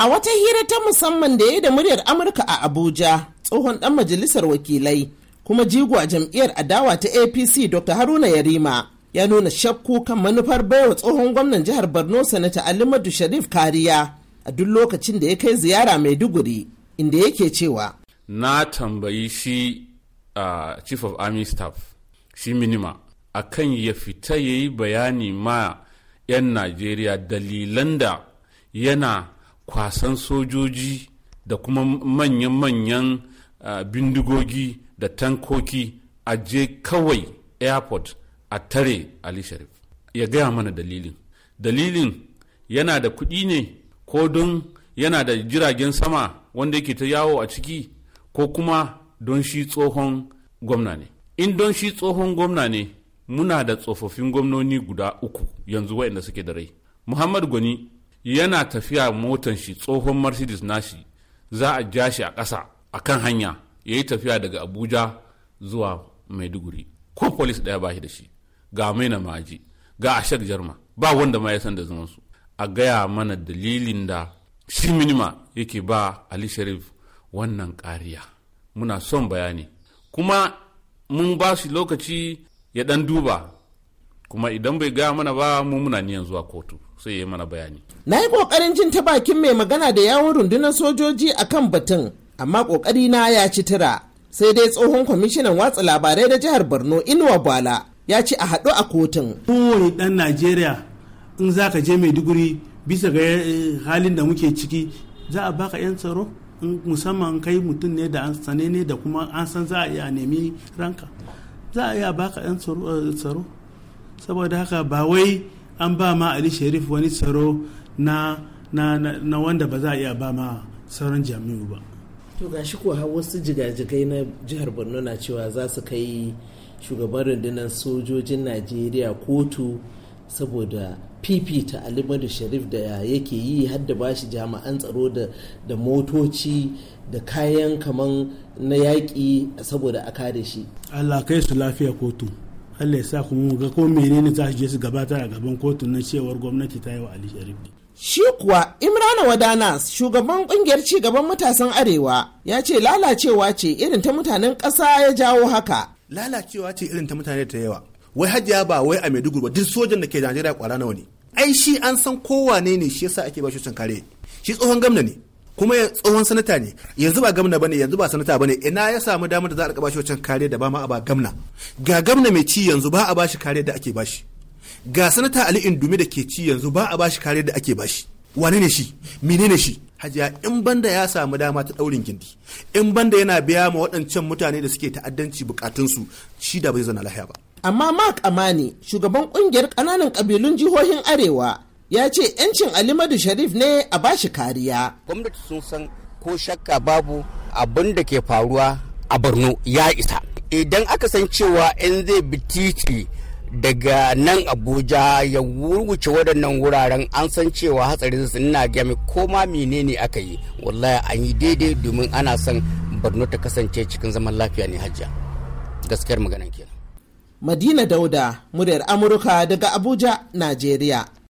A wata hira ta musamman da ya da muryar Amurka a Abuja, tsohon ɗan majalisar wakilai, kuma jigo a jam'iyyar adawa ta APC Dr. Haruna Yarima, ya nuna shakku kan manufar baiwa tsohon gwamnan jihar Borno Sanata Alimadu Sharif kariya a duk lokacin da ya kai ziyara mai duguri, inda yake cewa. Na tambayi shi uh, Chief of Army Staff, shi minima, akan ya fita ya yi bayani ma 'yan Najeriya dalilan da yana kwasan sojoji da kuma manyan-manyan bindigogi da tankoki a je kawai airport a tare ali sharif ya gaya mana dalilin dalilin yana da kuɗi ne ko don yana da jiragen sama wanda yake ta yawo a ciki ko kuma don shi tsohon gwamna ne in don shi tsohon gwamna ne muna da tsofaffin gwamnoni guda uku yanzu waɗanda suke da rai muhammad gwani yana tafiya motan shi tsohon mercedes nashi za a ja shi a ƙasa a kan hanya ya yi tafiya daga abuja zuwa maiduguri ko polis ɗaya ba shi da shi ga maina maji ga ashek jarma ba wanda ma ya san da zaman a gaya mana dalilin da shi minima yake ba ali sharif wannan kariya muna son bayani kuma mun ba shi lokaci ya ɗan duba kuma idan bai gaya mana ba mu muna niyan zuwa kotu sai ya mana bayani na yi kokarin jin ta bakin mai magana da yawon rundunar sojoji a kan batun amma kokari na ya ci tira sai dai tsohon kwamishinan watsa labarai da jihar borno inuwa bala ya ce a haɗu a kotun kowane ɗan najeriya in za ka je maiduguri bisa ga eh, halin da muke ciki za a baka 'yan tsaro musamman kai mutum ne da an sane ne da kuma an san za a iya nemi ranka za a iya baka 'yan tsaro eh, saboda haka ba wai an ba ma ali sharif wani tsaro na wanda ba za a iya ba ma sauran jami'u ba to gashi ko kuwa wasu jigajigai na jihar borno na cewa za su kai shugaban rundunar sojojin najeriya kotu saboda fifita alimadu sharif da yake yi har da bashi jami'an tsaro da motoci da kayan kaman na yaƙi saboda a kare shi allah kai su lafiya kotu Allah ya sa kuma ga ko menene za su je su gabata a gaban kotu na cewar gwamnati ta yi wa Ali Sharif Shi kuwa Imrana Wadana shugaban kungiyar ci gaban matasan Arewa ya ce lalacewa ce irin ta mutanen ƙasa ya jawo haka. Lalacewa ce irin ta mutane ta yawa. Wai hajiya ba wai a Maiduguri ba duk sojan da ke Najeriya kwara nawa ne. Ai shi an san kowane ne shi yasa ake ba shi kare. Shi tsohon gamna ne. kuma tsohon sanata ne yanzu ba gamna bane yanzu ba sanata bane ina ya samu damar da za a rika bashi wancan kare da ba ma a ba gamna ga gamna mai ci yanzu ba a bashi kare da ake bashi ga sanata Ali Indumi da ke ci yanzu ba a bashi kare da ake bashi wane ne shi menene shi hajiya in banda ya samu dama ta daurin gindi in banda yana biya ma waɗancan mutane da suke ta'addanci bukatunsu shi da bai zana lahiya ba amma mark amani shugaban kungiyar ƙananan ƙabilun jihohin arewa ya ce 'yancin alimadu sharif ne a bashi kariya gwamnati sun san ko shakka babu abin da ke faruwa a borno ya isa idan aka san cewa 'yan zai bi titi daga nan abuja ya wurwuce waɗannan wuraren an san cewa hatsarin su na gami ko menene aka yi wallahi an yi daidai domin ana son borno ta kasance cikin zaman lafiya ne hajja gaskiyar maganan kenan madina dauda muryar amurka daga abuja najeriya